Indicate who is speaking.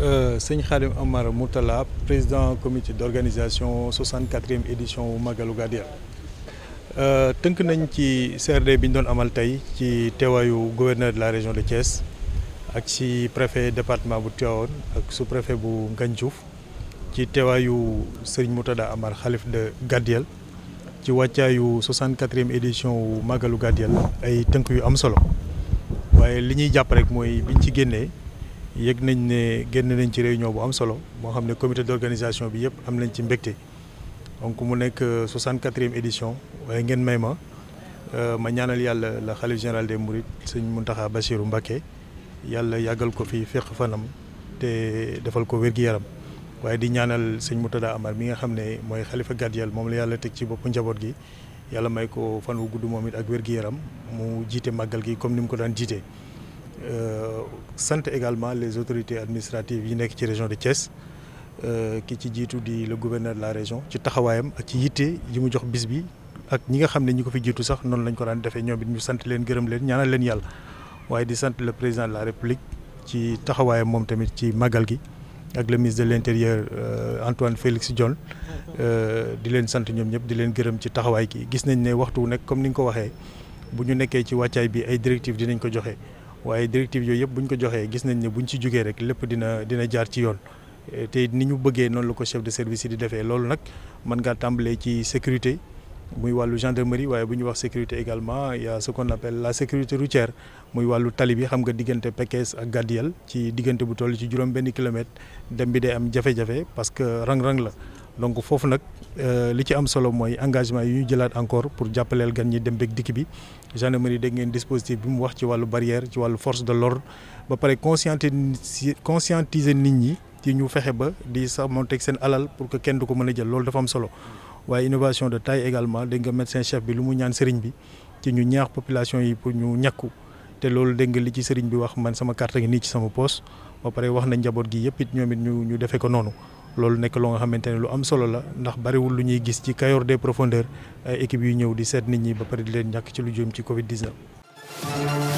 Speaker 1: Euh, sëñ Khadim Amar Moutala président comité d'organisation 64e édition Magalu Gadiel euh, tënk nañ ci CRD bi ñu doon amal tey ci teewaayu gouverneur de la région de Thiès ak ci préfet département bu Tivaouane ak sous-préfet bu Ngandiouf ci teewaayu Serigne Moutada Amar xalif de Gadiel ci wàccaayu 64e édition wu Magalu Gadiel ay tënk yu am solo waaye li ñuy jàpp rek mooy biñ ci génnee. yëg nañ ne génn nañ ci réunion bu am solo moo xam ne comité d'organisation bi yëpp am nañ ci mbégte donc mu nekk 64e euh, édition waaye ngeen may ma euh, ma ñaanal yàlla la xale général des Mourides sëñ Mountakha Bassirou Mbacké yàlla yàggal ko fi féq fanam te defal ko wér-gi-yaram waaye di ñaanal sëñ Moutada Amar mi nga xam ne mooy xalifa gàddiyal moom la yàlla teg ci boppu njaboot gi yàlla may ko fan wu gudd moom it ak wér-gi-yaram mu jiite màggal gi comme ni ko daan jiite euh, sant également les autorités administratives yi nekk ci région de Thiès euh, ki ci jiitu di le gouverneur de la région ci taxawaayam ak ci yitte yi mu jox bis bi ak ñi nga xam ne ñi ko fi jiitu sax noonu lañ ko daan defee ñoom it ñu sant leen gërëm leen ñaanal leen yàlla waaye di sant le président de la république ci taxawaayam moom tamit ci màggal gi ak le ministre de l'intérieur euh, Antoine Félix Diome euh, di leen sant ñoom ñëpp di leen gërëm ci taxawaay ki gis nañ ne waxtu wu comme ni nga ko waxee bu ñu nekkee ci wàccaay bi ay directives dinañ ko joxe. waaye directive yooyu yëpp bu ñu ko joxee gis nañ ne bu ñu ci jógee rek lépp dina dina jaar ci yoon te ni ñu bëggee noonu la ko chef de service yi di defee loolu nag mën ngaa tàmbalee ci sécurité muy wàllu gendarmerie waaye bu ñu wax sécurité également il y a appelle la sécurité routière muy wàllu tali bi xam nga diggante Pekes ak Gadiyel ci diggante bu toll ci juróom benn kilomètre dem bi day am jafe-jafe parce que rang-rang la donc foofu nag euh, li ci am solo mooy engagement yu ñu jëlaat encore pour jàppaleel gan ñi dem beeg dikk bi gendarmerie dégg ngeen dispositif bi mu wax ci wàllu barrière ci wàllu force de l'ordre ba pare conscientiser conscientiser nit ñi ci ñu fexe ba di sàmmonteeg seen alal pour que kenn du ko mën a jël loolu dafa am solo waaye innovation de taille également dégg nga médecin chef bi lu mu ñaan sëriñ bi ci ñu ñaax population yi pour ñu ñàkku te loolu dégg nga li ci sëriñ bi wax man sama carte ngi nii ci sama poche ba pare wax na njaboot gi yëpp it ñoom it ñu ñu defee ko noonu. loolu nekk loo nga xamante ne lu am solo la ndax bariwul lu ñuy gis ci Kayor des profondeurs ay équipe yu ñëw di seet nit ñi ba pare di leen ñàkk ci lu jëm ci Covid 19.